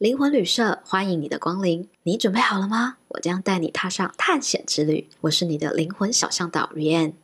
靈魂旅社歡迎你的光臨，你準備好了嗎？我將帶你踏上探險之旅。我是你的靈魂小嚮導 Ryan。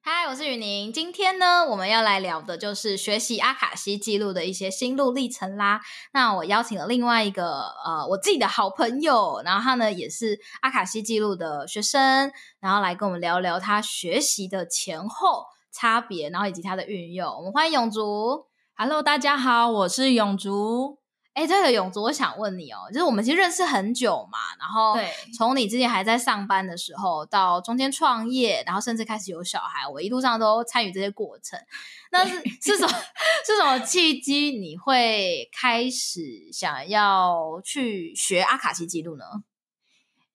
嗨，Hi, 我是雨寧。今天呢，我們要來聊的就是學習阿卡西記錄的一些心路歷程啦。那我邀請了另外一個呃，我自己的好朋友，然後他呢也是阿卡西記錄的學生，然後來跟我們聊聊他學習的前後差別，然後以及他的運用。我們歡迎詠築。Hello，大家好，我是詠築。哎、欸，這個詠築，我想問你哦，就是我們其實認識很久嘛，然後從你之前還在上班的時候，到中間創業，然後甚至開始有小孩，我一路上都參與這些過程。那是對是什麼 是什麼契機？你會開始想要去學阿卡西記錄呢？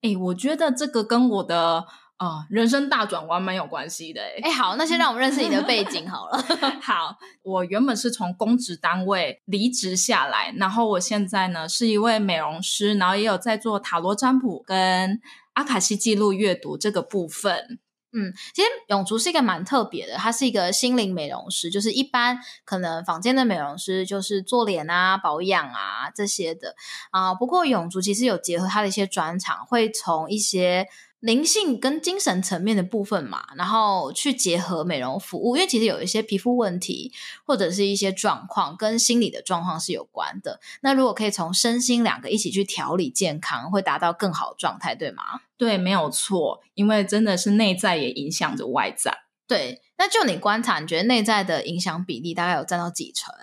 哎、欸，我覺得這個跟我的。啊人生大轉彎沒有關係的哎、欸。欸、好，那先讓我們認識你的背景好了。 好，我原本是從公職單位離職下來，然後我現在呢是一位美容師，然後也有在做塔羅占卜跟阿卡西記錄閱讀這個部分。嗯，其實詠築是一個蠻特別的，他是一個心靈美容師，就是一般可能坊間的美容師就是做臉啊、保養啊這些的啊、呃。不過詠築其實有結合他的一些專長，會從一些。靈性跟精神層面的部分嘛，然後去結合美容服務，因為其實有一些皮膚問題或者是一些狀況跟心理的狀況是有關的。那如果可以從身心兩個一起去調理健康，會達到更好的狀態，對嗎？對，沒有錯，因為真的是內在也影響着外在。對，那就你觀察，你覺得內在的影響比例大概有占到幾成？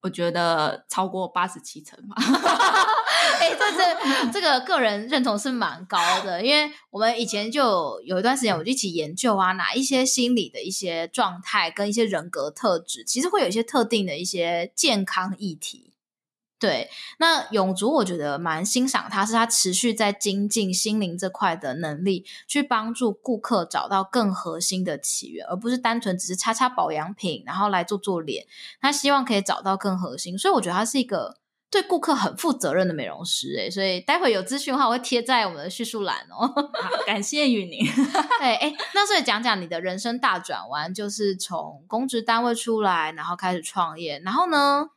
我覺得超過八十七成吧。 對、欸、對，對對 這個個人認同是蠻高的，因為我們以前就有一段時間，我就一起研究啊，哪一些心理的一些狀態跟一些人格特質，其實會有一些特定的一些健康議題。對，那詠築我覺得蠻欣賞他，是他持續在精進心靈這塊的能力，去幫助顧客找到更核心的起源，而不是單純只是擦擦保養品，然後來做做臉。他希望可以找到更核心，所以我覺得他是一個。對顧客很負責任的美容師誒、欸、所以待會有資訊的話，我會貼在我們的敘述欄哦。 感謝詠築對，哎、 欸，那所以講講你的人生大轉彎，就是從公職單位出來，然後開始創業，然後呢？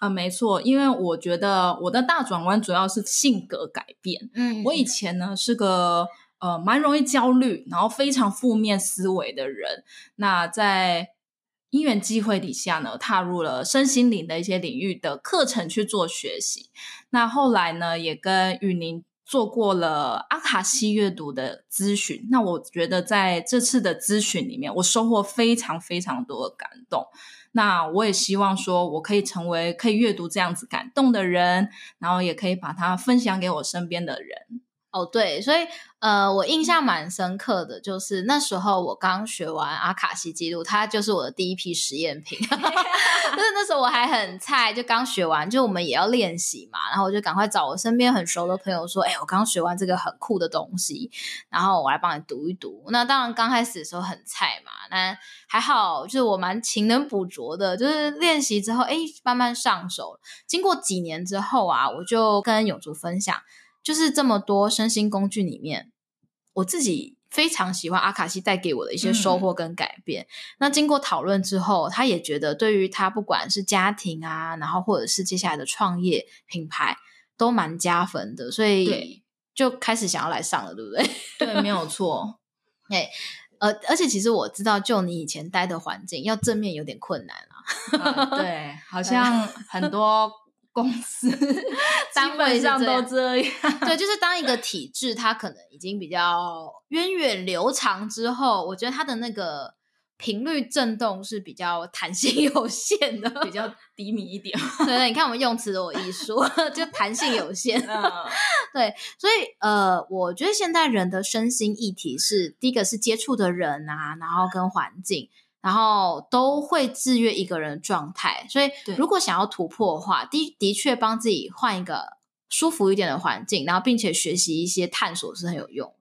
啊、呃，沒錯，因為我覺得我的大轉彎主要是性格改變。嗯，我以前呢是個呃蠻容易焦慮，然後非常負面思維的人。那在因緣機會底下呢，踏入了身心靈的一些領域的課程去做學習。那後來呢，也跟宇寧做過了阿卡西閱讀的諮詢。那我覺得在這次的諮詢裡面，我收穫非常非常多的感動。那我也希望說，我可以成為可以閱讀這樣子感動的人，然後也可以把它分享給我身邊的人。哦，oh, 對，所以呃，我印象蠻深刻的，就是那時候我剛學完阿卡西記錄，他就是我的第一批實驗品。 就是那時候我還很菜，就剛學完，就我們也要練習嘛，然後我就趕快找我身邊很熟的朋友說：“哎、欸，我剛學完這個很酷的東西，然後我來幫你讀一讀。”那當然剛開始的時候很菜嘛，那還好，就是我蠻勤能補拙的，就是練習之後，哎、欸，慢慢上手。經過幾年之後啊，我就跟詠築分享。就是這麼多身心工具裡面，我自己非常喜歡阿卡西帶給我的一些收穫跟改變。嗯、那經過討論之後，他也覺得對於他不管是家庭啊，然後或者是接下來的創業品牌，都蠻加分的，所以就開始想要來上了，對不對？對，沒有錯。誒、 欸，而、呃、而且其實我知道，就你以前待的環境，要正面有點困難啊。 啊對，好像很多。 公司、基本上都這樣，對，就是當一個體制，它可能已經比較源遠流長之後，我覺得它的那個頻率震動是比較彈性有限的，比較低迷，迷一點。 對，對，你看我們用詞的，我一說 就彈性有限。 No. 對，所以呃，我覺得現代人的身心議題是第一個是接觸的人啊，然後跟環境。然後都會制約一個人的狀態，所以如果想要突破的話，的的確幫自己換一個舒服一點的環境，然後並且學習一些探索是很有用。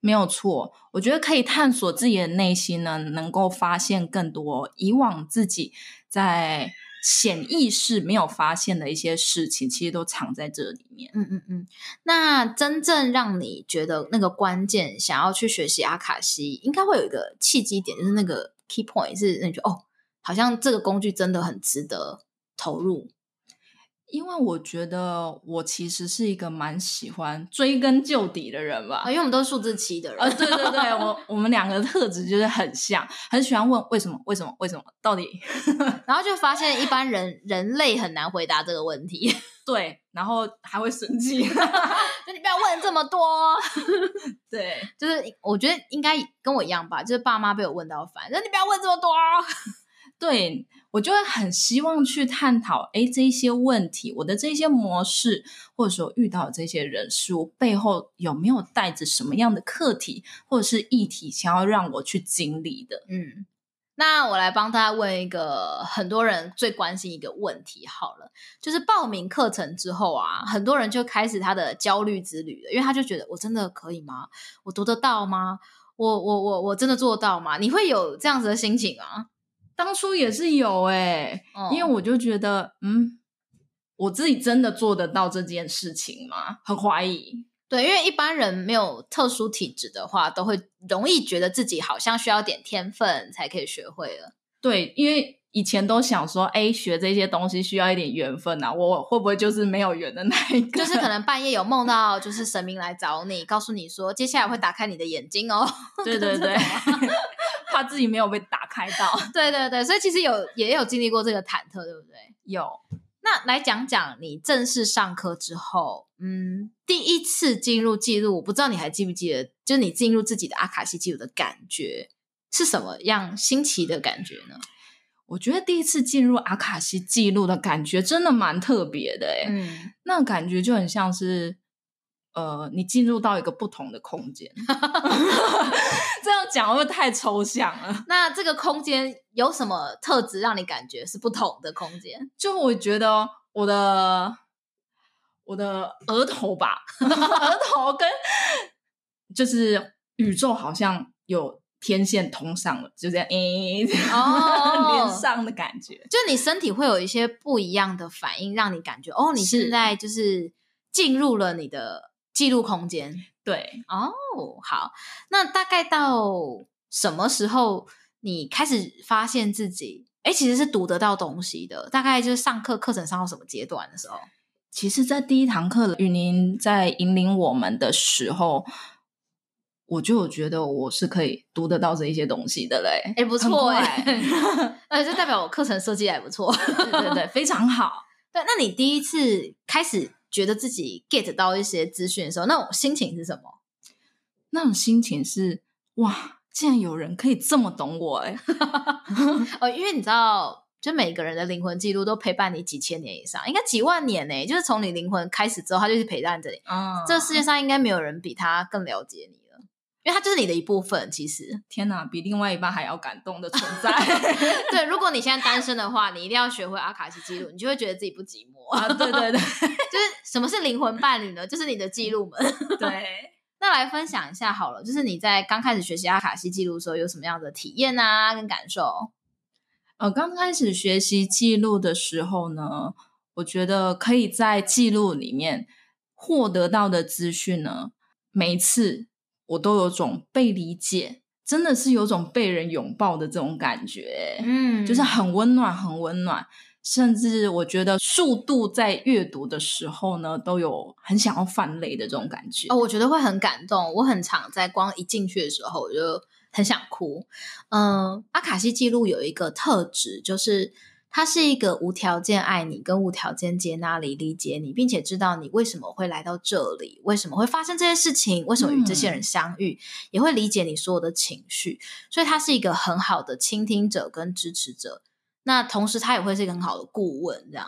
沒有錯，我覺得可以探索自己的內心呢，能夠發現更多以往自己在。潛意識沒有發現的一些事情，其實都藏在這裡面。嗯嗯嗯，那真正讓你覺得那個關鍵，想要去學習阿卡西，應該會有一個契機點，就是那個 key point，是那句哦，好像這個工具真的很值得投入。因為我覺得我其實是一個蠻喜歡追根究底的人吧，因為我們都是數字七的人。呃，對對對，我我們兩個特質就是很像，很喜歡問為什麼為什麼為什麼到底，然後就發現一般人 人類很難回答這個問題。對，然後還會生氣， 就你不要問這麼多。 對，就是我覺得應該跟我一樣吧，就是爸媽被我問到煩，那、就是、你不要問這麼多。 對。我就會很希望去探討，誒，這些問題，我的這些模式，或者說遇到這些人，是我背後有沒有帶着什麼樣的課題或者是議題，想要讓我去經歷的？嗯，那我來幫大家問一個很多人最關心一個問題，好了，就是報名課程之後啊，很多人就開始他的焦慮之旅了，因為他就覺得，我真的可以嗎？我讀得到嗎？我我我我真的做到嗎？你會有這樣子的心情啊。當初也是有哎、欸、嗯、因為我就覺得，嗯，我自己真的做得到這件事情嗎？很懷疑。對，因為一般人沒有特殊體質的話，都會容易覺得自己好像需要點天分才可以學會了。對，因為以前都想說，哎、欸，學這些東西需要一點緣分吶、啊，我會不會就是沒有緣的那一個？就是可能半夜有夢到，就是神明來找你， 告訴你說，接下來會打開你的眼睛哦。對對對。 他自己沒有被打開到， 對對對，所以其實有也有經歷過這個忐忑，對不對？有，那來講講你正式上課之後，嗯，第一次進入記錄，我不知道你還記不記得，就是、你進入自己的阿卡西記錄的感覺是什麼樣，新奇的感覺呢？我覺得第一次進入阿卡西記錄的感覺真的蠻特別的、欸，哎、嗯，那感覺就很像是。呃，你進入到一個不同的空間， 這樣講會不會太抽象了？ 那這個空間有什麼特質讓你感覺是不同的空間？就我覺得我的我的額頭吧，額 頭跟就是宇宙好像有天線通上了，就這樣，咦咦這樣、oh. 連上的感覺。就你身體會有一些不一樣的反應，讓你感覺哦，你現在就是進入了你的。記錄空間，對哦，好，那大概到什麼時候你開始發現自己，哎，其實是讀得到東西的？大概就是上課課程上到什麼階段的時候？其實，在第一堂課，雨寧在引領我們的時候，我就有覺得我是可以讀得到這一些東西的嘞。哎，不錯哎，哎快，這 代表我課程設計還不錯， 對對對，非常好。對，那你第一次開始。覺得自己 get 到一些資訊的時候，那種心情是什麼？那種心情是哇，竟然有人可以這麼懂我哎、欸！ 哦，因為你知道，就每個人的靈魂記錄都陪伴你幾千年以上，應該幾萬年呢、欸，就是從你靈魂開始之後，他就去陪伴着你。啊、嗯，這世界上應該沒有人比他更了解你。因為它就是你的一部分，其實。天哪，比另外一半還要感動的存在。 對，如果你現在單身的話，你一定要學會阿卡西記錄，你就會覺得自己不寂寞啊。對對對， 就是什麼是靈魂伴侶呢？就是你的記錄們、 嗯、對， 那來分享一下好了，就是你在剛開始學習阿卡西記錄的時候有什麼樣的體驗啊，跟感受？呃，剛開始學習記錄的時候呢，我覺得可以在記錄裡面獲得到的資訊呢，每一次。我都有種被理解，真的是有種被人擁抱的這種感覺，嗯，就是很溫暖，很溫暖。甚至我覺得速度在閱讀的時候呢，都有很想要泛淚的這種感覺。哦，我覺得會很感動。我很常在光一進去的時候，我就很想哭。嗯，阿卡西記錄有一個特質，就是。他是一個無條件愛你，跟無條件接納、你，理解你，並且知道你為什麼會來到這裡，為什麼會發生這些事情，為什麼與這些人相遇，嗯、也會理解你所有的情緒，所以他是一個很好的傾聽者跟支持者。那同時，他也會是一個很好的顧問。這樣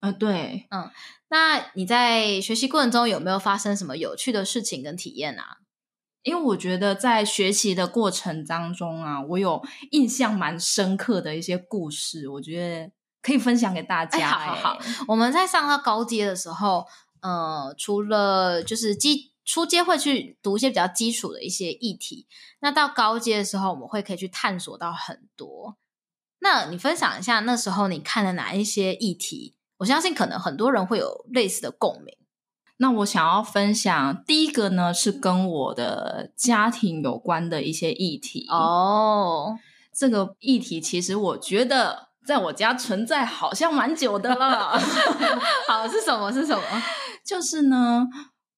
啊、呃，對，嗯，那你在學習過程中有沒有發生什麼有趣的事情跟體驗啊？因為我覺得在學習的過程當中啊，我有印象蠻深刻的一些故事，我覺得可以分享給大家。欸、好，好，好，我們在上到高階的時候，呃，除了就是基，初階會去讀一些比較基礎的一些議題，那到高階的時候，我們會可以去探索到很多。那你分享一下那時候你看了哪一些議題？我相信可能很多人會有類似的共鳴。那我想要分享第一個呢，是跟我的家庭有關的一些議題哦。Oh. 這個議題其實我覺得在我家存在好像蠻久的了。 好，是什麼？是什麼？就是呢，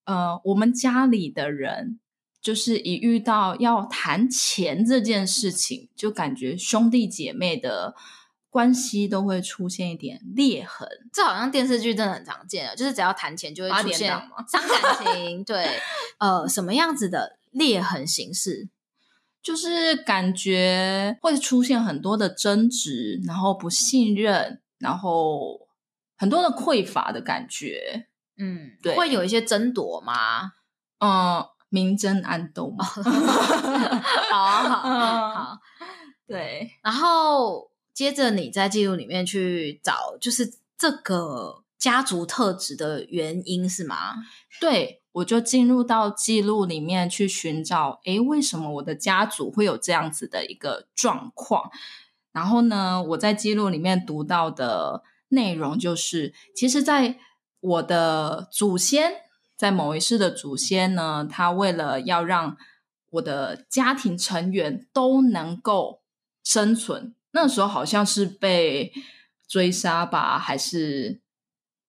呃，我們家裡的人，就是一遇到要談錢這件事情，就感覺兄弟姐妹的。關係都會出現一點裂痕，這好像電視劇真的很常見啊。就是只要談錢，就會出現點嗎傷感情。 對，呃，什麼樣子的裂痕形式？就是感覺會出現很多的爭執，然後不信任，然後很多的匱乏的感覺。嗯，對，會有一些爭奪嗎？嗯、呃，明爭暗鬥嗎？啊， 好，好，嗯、好，對，然後。接着你在記錄裡面去找，就是這個家族特質的原因是嗎？對，我就進入到記錄裡面去尋找，誒，為什麼我的家族會有這樣子的一個狀況？然後呢，我在記錄裡面讀到的內容就是，其實，在我的祖先，在某一世的祖先呢，他為了要讓我的家庭成員都能夠生存。.那時候好像是被追殺吧，還是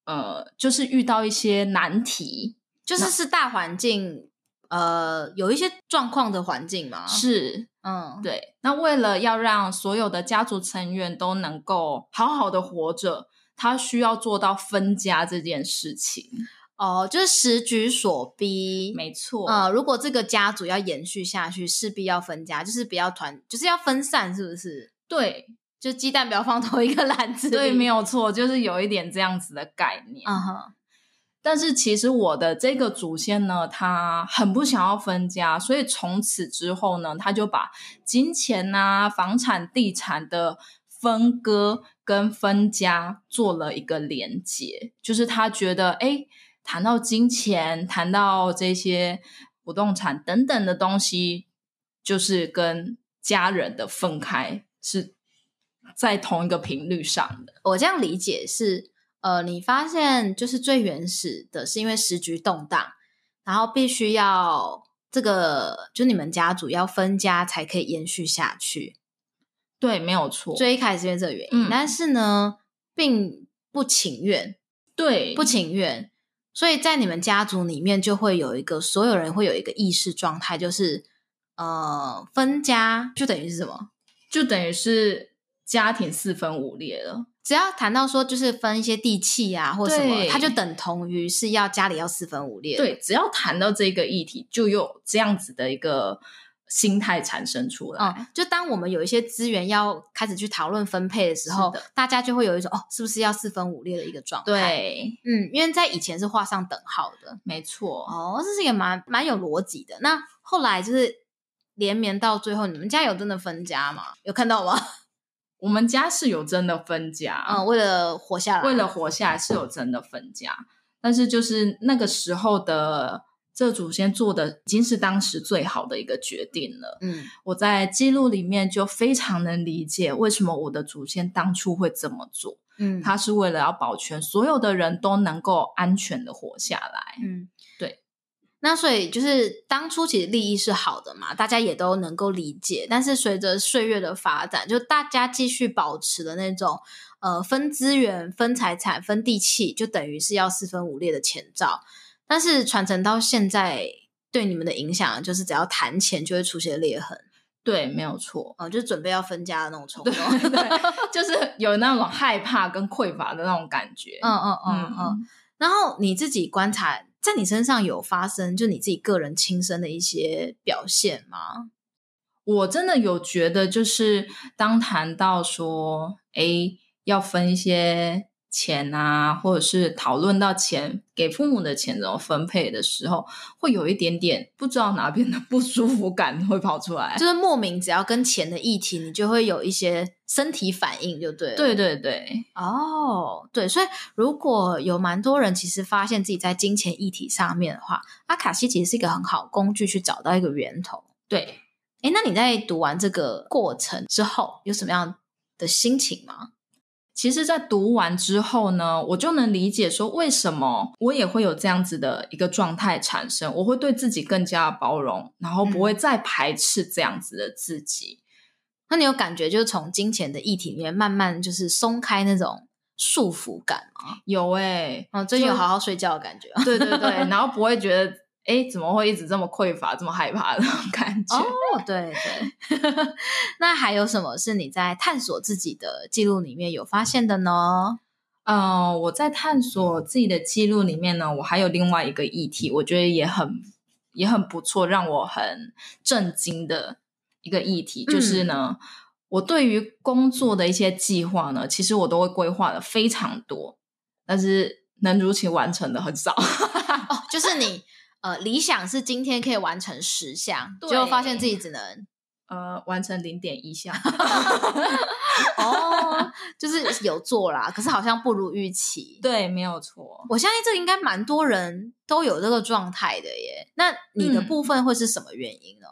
呃，就是遇到一些難題，就是是大環境那呃有一些狀況的環境嘛。是，嗯，對。那為了要讓所有的家族成員都能夠好好的活着，他需要做到分家這件事情。哦，就是時局所逼，沒錯錯。呃，如果這個家族要延續下去，勢必要分家，就是不要團，就是要分散，是不是？對，就雞蛋不要放同一個籃子。對，沒有錯，就是有一點這樣子的概念。嗯哼、uh。Huh. 但是其實我的這個祖先呢，他很不想要分家，所以從此之後呢，他就把金錢啊、房產、地產的分割跟分家做了一個連結，就是他覺得，哎，談到金錢，談到這些不動產等等的東西，就是跟家人的分開。是在同一個頻率上的，我這樣理解是，呃，你發現就是最原始的是因為時局動盪，然後必須要這個就是、你們家族要分家才可以延續下去，對，沒有錯，最開始是因為這個原因，嗯、但是呢，並不情願，對，不情願，所以在你們家族裡面就會有一個所有人會有一個意識狀態，就是呃，分家就等於是什麼？就等於是家庭四分五裂了。只要談到說，就是分一些地契啊、或什麼，他對就等同於是要家裡要四分五裂。對，只要談到這個議題，就有這樣子的一個心態產生出來。嗯，就當我們有一些資源要開始去討論分配的時候，對大家就會有一種，哦，是不是要四分五裂的一個狀態。對，嗯，因為在以前是畫上等號的，沒錯。哦，這是一個蠻蠻有邏輯的。那後來就是。連綿到最後，你們家有真的分家嗎？有看到嗎？我們家是有真的分家，嗯，為了活下來，為了活下來是有真的分家，但是就是那個時候的這祖先做的已經是當時最好的一個決定了。嗯，我在記錄裡面就非常能理解為什麼我的祖先當初會這麼做。嗯，他是為了要保全所有的人都能夠安全的活下來。嗯。那所以就是當初其實利益是好的嘛，大家也都能夠理解。但是隨着歲月的發展，就大家繼續保持的那種，呃，分資源、分財產、分地契，就等於是要四分五裂的前兆。但是傳承到現在，對你們的影響就是，只要談錢就會出現裂痕。對，沒有錯嗯就是準備要分家的那種衝動，對對 就是有那種害怕跟匱乏的那種感覺。嗯嗯嗯嗯。嗯嗯嗯嗯然後你自己觀察。在你身上有發生，就你自己個人親身的一些表現嗎？我真的有覺得，就是當談到說，誒、欸、要分一些。錢啊，或者是討論到錢，給父母的錢怎麼分配的時候，會有一點點不知道哪邊的不舒服感會跑出來，就是莫名，只要跟錢的議題，你就會有一些身體反應，就對了。對對對，哦，oh, 對，所以如果有蠻多人其實發現自己在金錢議題上面的話，阿卡西其實是一個很好的工具去找到一個源頭。對，誒，那你在讀完這個過程之後，有什麼樣的心情嗎？其實，在讀完之後呢，我就能理解說為什麼我也會有這樣子的一個狀態產生，我會對自己更加包容，然後不會再排斥這樣子的自己。嗯、那你有感覺就是從金錢的議題裡面慢慢就是鬆開那種束縛感嗎？有誒、欸，嗯，最近有好好睡覺的感覺，對對對， 然後不會覺得。哎，怎麼會一直這麼匱乏、這麼害怕的感覺？哦，oh, 對對。 那還有什麼是你在探索自己的記錄裡面有發現的呢？嗯，uh, 我在探索自己的記錄裡面呢，我還有另外一個議題，我覺得也很也很不錯，讓我很震驚的一個議題就是呢，嗯、我對於工作的一些計劃呢，其實我都會規劃的非常多，但是能如期完成的很少。哦 ，oh, 就是你。呃，理想是今天可以完成十項，對結果發現自己只能呃完成零點一項。 哦，就是有做啦，可是好像不如預期。對，沒有錯。我相信這應該蠻多人都有這個狀態的耶。那你的部分會是什麼原因呢？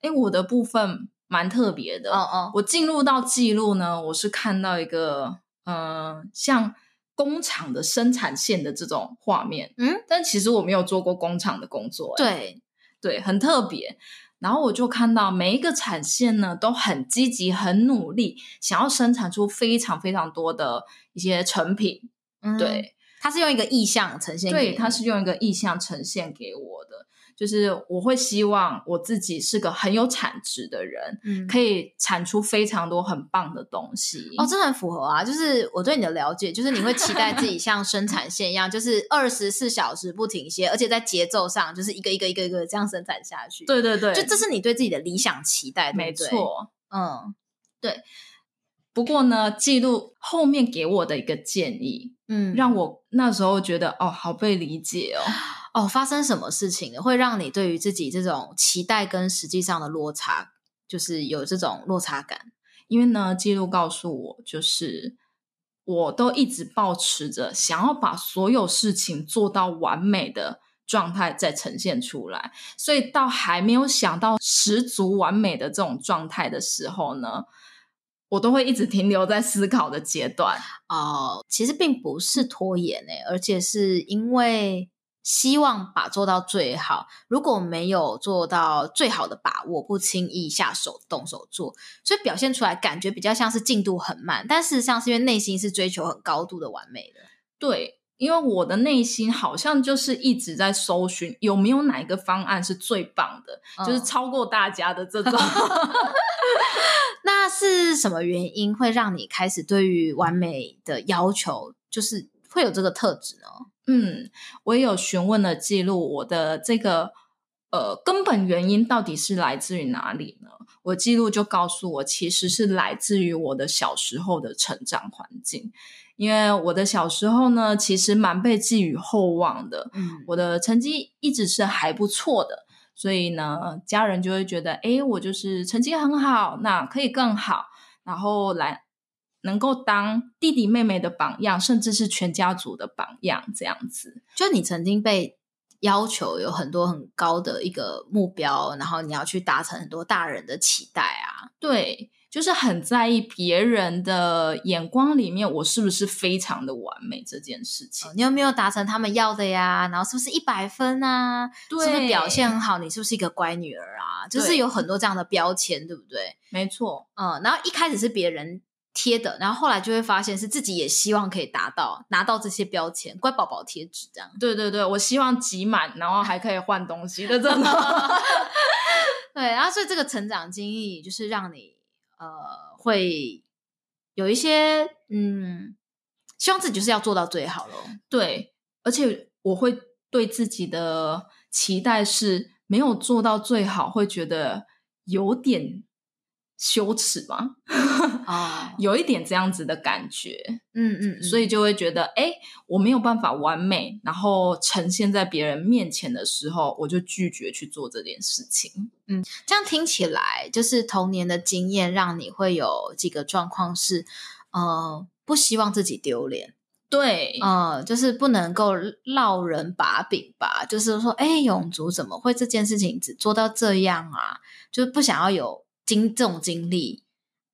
誒、嗯，欸、我的部分蠻特別的。哦哦、嗯嗯，我進入到記錄呢，我是看到一個嗯、呃、像。工廠的生產線的這種畫面，嗯，但其實我沒有做過工廠的工作、欸，對對，很特別。然後我就看到每一個產線呢，都很積極、很努力，想要生產出非常非常多的一些成品。嗯、對，他是用一個意象呈現給，對，他是用一個意象呈現給我的。就是我會希望我自己是個很有產值的人，嗯、可以產出非常多很棒的東西。哦，這很符合啊！就是我對你的了解，就是你會期待自己像生產線一樣， 就是二十四小時不停歇，而且在節奏上就是一個一個一個一個這樣生產下去。對對對，就這是你對自己的理想期待，對對沒錯。嗯，對。不過呢，記錄後面給我的一個建議，嗯，讓我那時候覺得哦，好被理解哦。哦，發生什麼事情會讓你對於自己這種期待跟實際上的落差，就是有這種落差感？因為呢，記錄告訴我，就是我都一直抱持著想要把所有事情做到完美的狀態再呈現出來，所以到還沒有想到十足完美的這種狀態的時候呢，我都會一直停留在思考的階段哦，uh, 其實並不是拖延哎，而且是因為希望把做到最好，如果沒有做到最好的把握，不輕易下手動手做，所以表現出來感覺比較像是進度很慢，但事實上是因為內心是追求很高度的完美的，對。因為我的內心好像就是一直在搜尋有沒有哪一個方案是最棒的，嗯、就是超過大家的這種。 那是什麼原因會讓你開始對於完美的要求，就是會有這個特質呢？嗯，我也有詢問了記錄，我的這個呃根本原因到底是來自於哪裡呢？我記錄就告訴我，其實是來自於我的小時候的成長環境。因為我的小時候呢，其實蠻被寄予厚望的，嗯，我的成績一直是還不錯的，所以呢，家人就會覺得，誒，我就是成績很好，那可以更好，然後來能夠當弟弟妹妹的榜樣，甚至是全家族的榜樣，這樣子。就你曾經被要求有很多很高的一個目標，然後你要去達成很多大人的期待啊。對。就是很在意別人的眼光裡面，我是不是非常的完美這件事情？你有沒有達成他們要的呀？然後是不是一百分啊？對，是不是表現很好？你是不是一個乖女兒啊？對，就是有很多這樣的標籤，對不對？沒錯，嗯。然後一開始是別人貼的，然後後來就會發現是自己也希望可以達到拿到這些標籤，乖寶寶貼紙這樣。對對對，我希望集滿，然後還可以換東西的，就真的。 對，然後、啊、所以這個成長經歷就是讓你。呃，會有一些嗯，希望自己就是要做到最好了 Hello. 對，而且我會對自己的期待是沒有做到最好，會覺得有點羞恥嗎？啊， 有一點這樣子的感覺，嗯嗯，嗯嗯所以就會覺得，誒、欸、我沒有辦法完美，然後呈現在別人面前的時候，我就拒絕去做這件事情。嗯，這樣聽起來就是童年的經驗讓你會有幾個狀況是，呃，不希望自己丟臉，對，呃，就是不能夠落人把柄吧，就是說，誒、欸、詠築怎麼會這件事情只做到這樣啊？就是不想要有經這種經歷。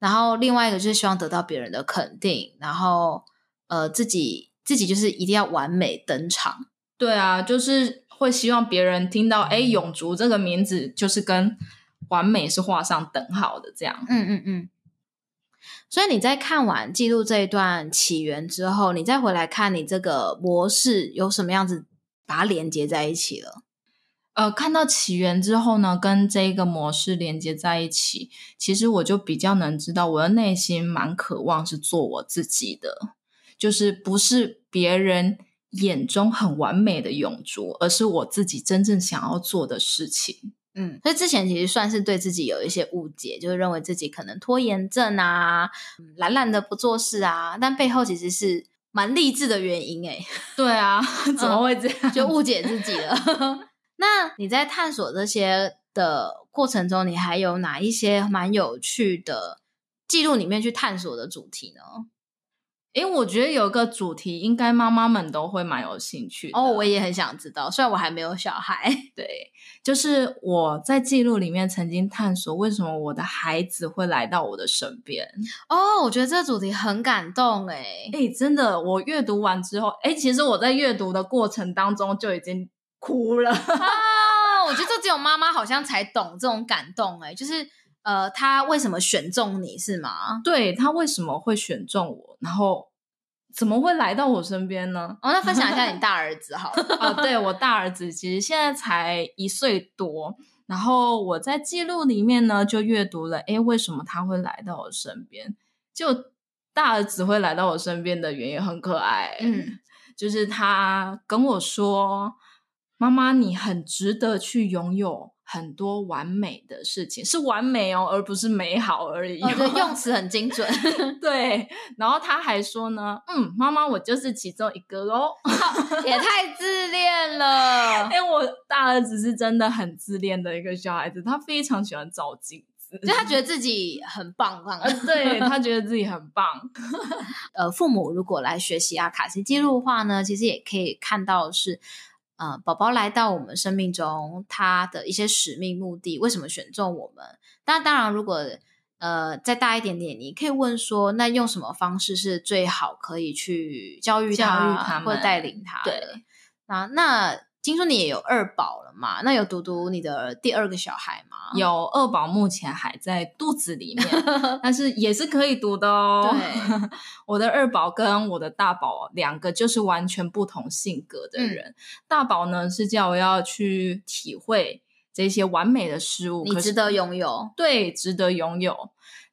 然後另外一個就是希望得到別人的肯定，然後呃自己自己就是一定要完美登場。對啊，就是會希望別人聽到“哎、嗯、詠築”這個名字，就是跟完美是畫上等號的這樣。嗯嗯嗯。所以你在看完記錄這一段起源之後，你再回來看你這個模式有什麼樣子把它連接在一起了？呃，看到起源之後呢，跟這個模式連接在一起，其實我就比較能知道，我的內心蠻渴望是做我自己的，就是不是別人眼中很完美的詠築，而是我自己真正想要做的事情。嗯，所以之前其實算是對自己有一些誤解，就是認為自己可能拖延症啊，懶懶的不做事啊，但背後其實是蠻勵志的原因哎、欸。對啊，怎麼會這樣，嗯？就誤解自己了。那你在探索這些的過程中，你還有哪一些蠻有趣的記錄裡面去探索的主題呢？因為我覺得有一個主題應該媽媽們都會蠻有興趣的哦。我也很想知道，雖然我還沒有小孩。對，就是我在記錄裡面曾經探索為什麼我的孩子會來到我的身邊。哦，我覺得這個主題很感動哎哎，真的，我閱讀完之後哎，其實我在閱讀的過程當中就已經。哭了啊！Oh, 我覺得這只有媽媽好像才懂這種感動哎、欸，就是呃，他為什麼選中你，是嗎？對，他為什麼會選中我，然後怎麼會來到我身邊呢？哦，那分享一下你大兒子好了。啊、 哦！對，我大兒子其實現在才一歲多，然後我在記錄裡面呢就閱讀了哎，為什麼他會來到我身邊？就大兒子會來到我身邊的原因很可愛，嗯，就是他跟我說。媽媽，你很值得去擁有很多完美的事情，是完美哦，而不是美好而已，哦。對，哦，用詞很精準。 對，然後他還說呢，嗯，媽媽，我就是其中一個嘍， 也太自戀了。哎，欸，我大兒子是真的很自戀的一個小孩子，他非常喜歡照鏡子，就他覺得自己很棒，棒，啊，棒。 對他覺得自己很棒。 呃，父母如果來學習阿，啊，卡西紀錄的話呢，其實也可以看到是。呃，寶寶來到我們生命中，他的一些使命目的，為什麼選中我們？那當然，如果呃再大一點點，你可以問說，那用什麼方式是最好可以去教育他，教他們，或者帶領他？對，啊那。聽說你也有二寶了嘛？那有讀讀你的第二個小孩嗎？有二寶，目前還在肚子裡面，但是也是可以讀的哦。 對，我的二寶跟我的大寶兩個就是完全不同性格的人。嗯、大寶呢是叫我要去體會這些完美的事物，你值得擁有。對，值得擁有。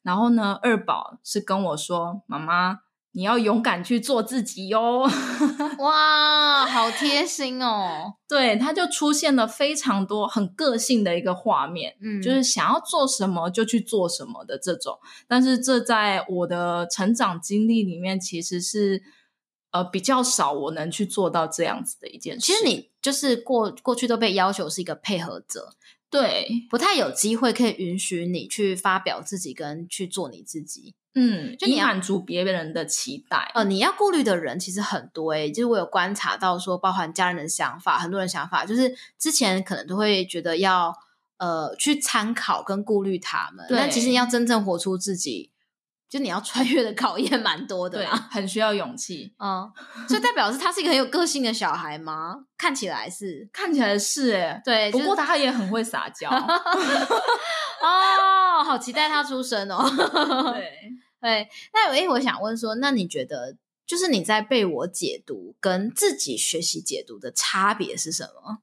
然後呢，二寶是跟我說：“媽媽。”你要勇敢去做自己喲、哦！ 哇，好貼心哦。對，他就出現了非常多很個性的一個畫面，嗯，就是想要做什麼就去做什麼的這種。但是這在我的成長經歷裡面，其實是呃比較少，我能去做到這樣子的一件事。其實你就是過過去都被要求是一個配合者，對，不太有機會可以允許你去發表自己跟去做你自己。嗯，就你滿足別人的期待。呃，你要顧慮的人其實很多哎、欸，就是我有觀察到說，包含家人的想法，很多人的想法就是之前可能都會覺得要呃去參考跟顧慮他們，對但其實你要真正活出自己，就你要穿越的考驗蠻多的，對，很需要勇氣。嗯，所以代表是他是一個很有個性的小孩嗎？ 看起來是，看起來是哎、欸，對。就是、不過他也很會撒嬌。 哦，好期待他出生哦。 對。對，那有一、欸，我想問說，那你覺得，就是你在被我解讀跟自己學習解讀的差別是什麼？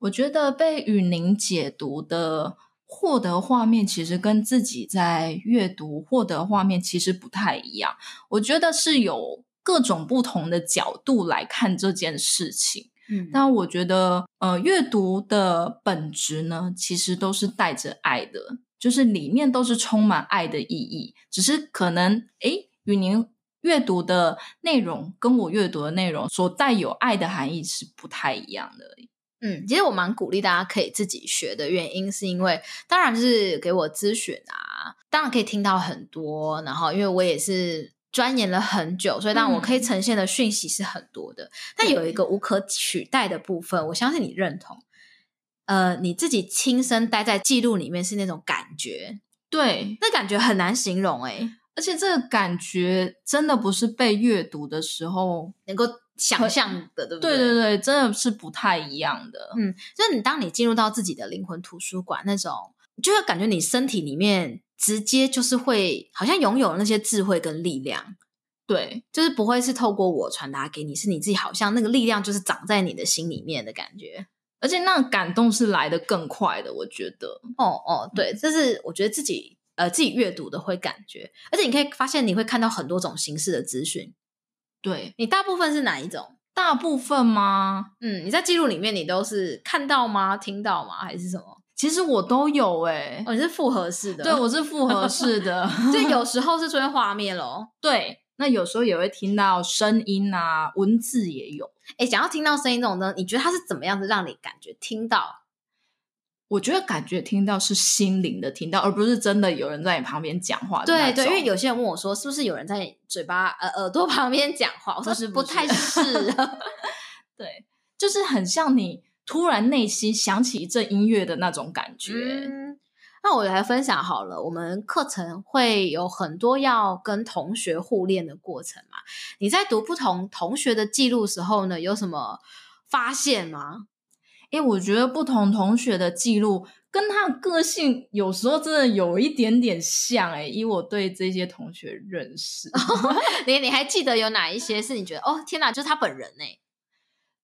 我覺得被雨寧解讀的獲得畫面，其實跟自己在閱讀獲得畫面其實不太一樣。我覺得是有各種不同的角度來看這件事情。嗯，但我覺得，呃，閱讀的本質呢，其實都是帶着愛的。就是裡面都是充滿愛的意義，只是可能誒，與您閱讀的內容跟我閱讀的內容所帶有愛的含義是不太一樣的而已。嗯，其實我蠻鼓勵大家可以自己學的原因，是因為當然就是給我諮詢啊，當然可以聽到很多，然後因為我也是鑽研了很久，所以當然我可以呈現的訊息是很多的。嗯，但有一個無可取代的部分，對我相信你認同。呃，你自己親身待在記錄裡面是那種感覺，對，那感覺很難形容欸，而且這個感覺真的不是被閱讀的時候能夠想象的，可，對不對？對對對，真的是不太一樣的。嗯，就是你當你進入到自己的靈魂圖書館那種，就會感覺你身體裡面直接就是會好像擁有那些智慧跟力量，對，就是不會是透過我傳達給你，是你自己好像那個力量就是長在你的心裡面的感覺。而且那種感動是來得更快的，我覺得。哦哦，對，這是我覺得自己呃自己閱讀的會感覺，而且你可以發現你會看到很多種形式的資訊。對，你大部分是哪一種？大部分嗎？嗯，你在記錄裡面你都是看到嗎？聽到嗎？還是什麼？其實我都有誒、欸。哦，你是複合式的。對，我是複合式的，就 有時候是出現畫面咯。對。那有時候也會聽到聲音啊，文字也有。哎、欸，想要聽到聲音這種呢，你覺得它是怎麼樣子讓你感覺聽到？我覺得感覺聽到是心靈的聽到，而不是真的有人在你旁邊講話的。對對，因為有些人問我說，是不是有人在你嘴巴、呃、耳朵旁邊講話？我說是不，是不太是， 對，就是很像你突然內心響起一陣音樂的那種感覺。嗯那我來分享好了，我們課程會有很多要跟同學互練的過程嘛。你在讀不同同學的記錄時候呢，有什麼發現嗎？哎、欸，我覺得不同同學的記錄跟他的個性有時候真的有一點點像哎、欸，以我對這些同學認識， 你你還記得有哪一些是你覺得哦天哪，就是他本人呢、欸？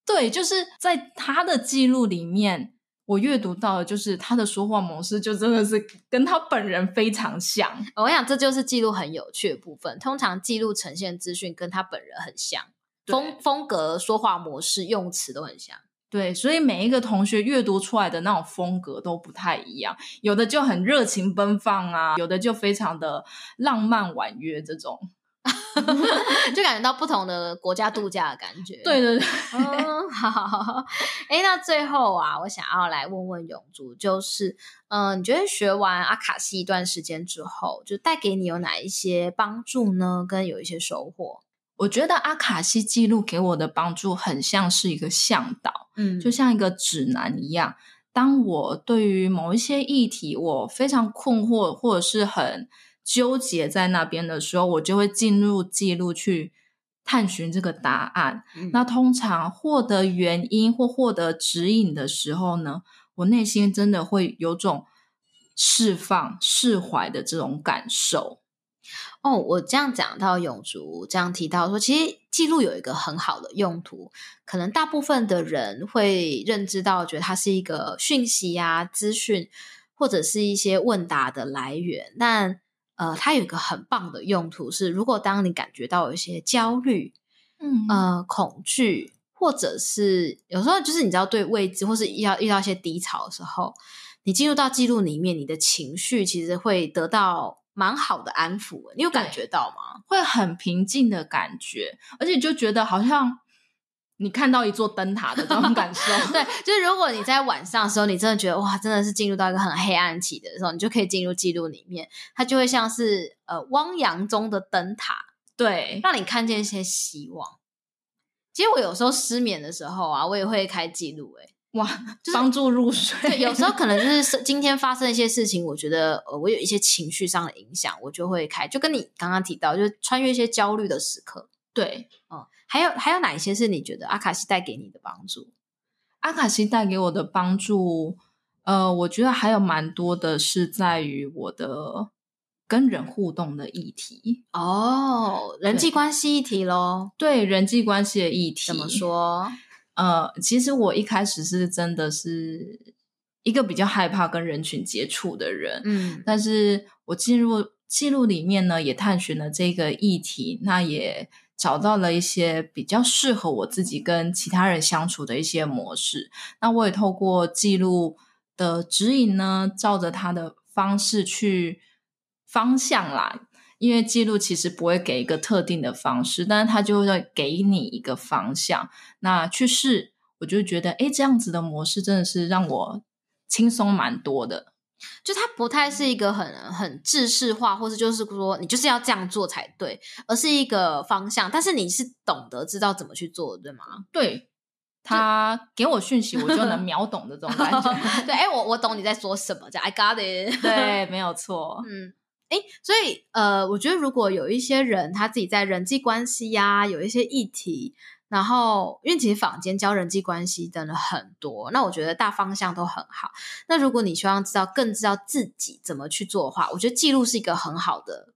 對，就是在他的記錄裡面。我閱讀到的就是他的說話模式，就真的是跟他本人非常像。我想這就是記錄很有趣的部分。通常記錄呈現資訊跟他本人很像，風對風格、說話模式、用詞都很像。對，所以每一個同學閱讀出來的那種風格都不太一樣，有的就很熱情奔放啊，有的就非常的浪漫婉約這種。 就感覺到不同的國家度假的感覺。對對對，嗯，uh, 好，好，好。哎，那最後啊，我想要來問問詠築，就是，嗯、呃，你覺得學完阿卡西一段時間之後，就帶給你有哪一些幫助呢？跟有一些收穫？我覺得阿卡西記錄給我的幫助，很像是一個嚮導，嗯，就像一個指南一樣。當我對於某一些議題，我非常困惑或者是很。糾結在那邊的時候，我就會進入記錄去探尋這個答案。嗯、那通常獲得原因或獲得指引的時候呢，我內心真的會有種釋放、釋懷的這種感受。哦，我這樣講到詠築，這樣提到說，其實記錄有一個很好的用途，可能大部分的人會認知到，覺得它是一個訊息啊、資訊或者是一些問答的來源，但。呃，它有一個很棒的用途是，如果當你感覺到有一些焦慮、嗯呃恐懼，或者是有時候就是你知道對未知，或是遇到遇到一些低潮的時候，你進入到記錄裡面，你的情緒其實會得到蠻好的安撫。你有感覺到嗎？對會很平靜的感覺，而且你就覺得好像。你看到一座燈塔的這種感受， 對，就是如果你在晚上的時候，你真的覺得哇，真的是進入到一個很黑暗期的時候，你就可以進入記錄裡面，它就會像是呃汪洋中的燈塔，對，讓你看見一些希望。其實我有時候失眠的時候啊，我也會開記錄、欸，哎，哇，就是、幫助入睡。對，有時候可能就是今天發生一些事情，我覺得呃我有一些情緒上的影響，我就會開，就跟你剛剛提到，就穿越一些焦慮的時刻。對，嗯。還有，還有哪一些是你覺得阿卡西帶給你的幫助？阿卡西帶給我的幫助，呃，我覺得還有蠻多的是在於我的跟人互動的議題。哦，人際關係議題咯。對，對，人際關係的議題。怎麼說？呃，其實我一開始是真的是一個比較害怕跟人群接觸的人，嗯，但是我進入記錄裡面呢，也探尋了這個議題，那也。找到了一些比較適合我自己跟其他人相處的一些模式，那我也透過記錄的指引呢，照着他的方式去方向來，因為記錄其實不會給一個特定的方式，但是他就會給你一個方向。那去試，我就覺得，誒，這樣子的模式真的是讓我輕鬆蠻多的。就它不太是一個很很制式化，或是就是說你就是要這樣做才對，而是一個方向。但是你是懂得知道怎麼去做，對嗎？對，他給我訊息，我就能秒懂的這種感覺。 對，哎、欸，我我懂你在說什麼，叫 I got it。 對，沒有錯。嗯，哎、欸，所以呃，我覺得如果有一些人他自己在人際關係呀、啊，有一些議題。然後，因為其實坊間教人際關係真的很多，那我覺得大方向都很好。那如果你希望知道更知道自己怎麼去做的話，我覺得記錄是一個很好的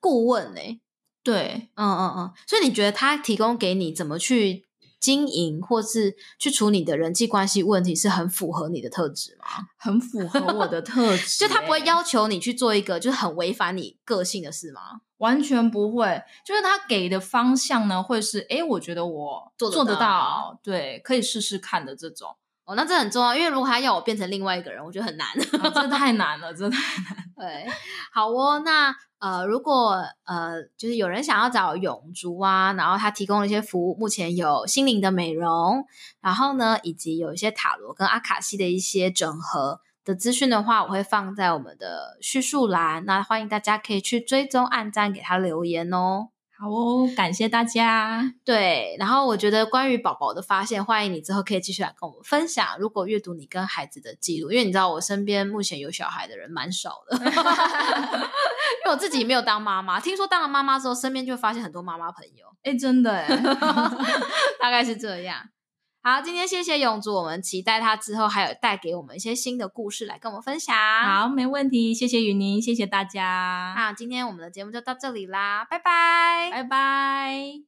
顧問誒、欸。對，嗯嗯嗯。所以你覺得他提供給你怎麼去？經營或是去處理的人際關係問題，是很符合你的特質嗎？很符合我的特質， 就他不會要求你去做一個就是很違反你個性的事嗎？完全不會，就是他給的方向呢，會是哎，我覺得我做得到，做得到，對，可以試試看的這種。哦，那這很重要，因為如果他要我變成另外一個人，我覺得很難， 哦、真的太難了，真的太難了。對，好哦，那。呃，如果呃，就是有人想要找詠築啊，然後他提供了一些服務，目前有心靈的美容，然後呢，以及有一些塔羅跟阿卡西的一些整合的資訊的話，我會放在我們的敘述欄，那歡迎大家可以去追蹤按讚、給他留言哦。好哦，感謝大家。對，然後我覺得關於寶寶的發現，歡迎你之後可以繼續來跟我們分享。如果閱讀你跟孩子的記錄，因為你知道我身邊目前有小孩的人蠻少的， 因為我自己沒有當媽媽。聽說當了媽媽之後，身邊就發現很多媽媽朋友。誒，真的，誒， 大概是這樣。好，今天謝謝詠築，我們期待他之後還有帶給我們一些新的故事來跟我們分享。好，沒問題，謝謝雨寧，謝謝大家。那、啊、今天我們的節目就到這裡啦，拜拜，拜拜。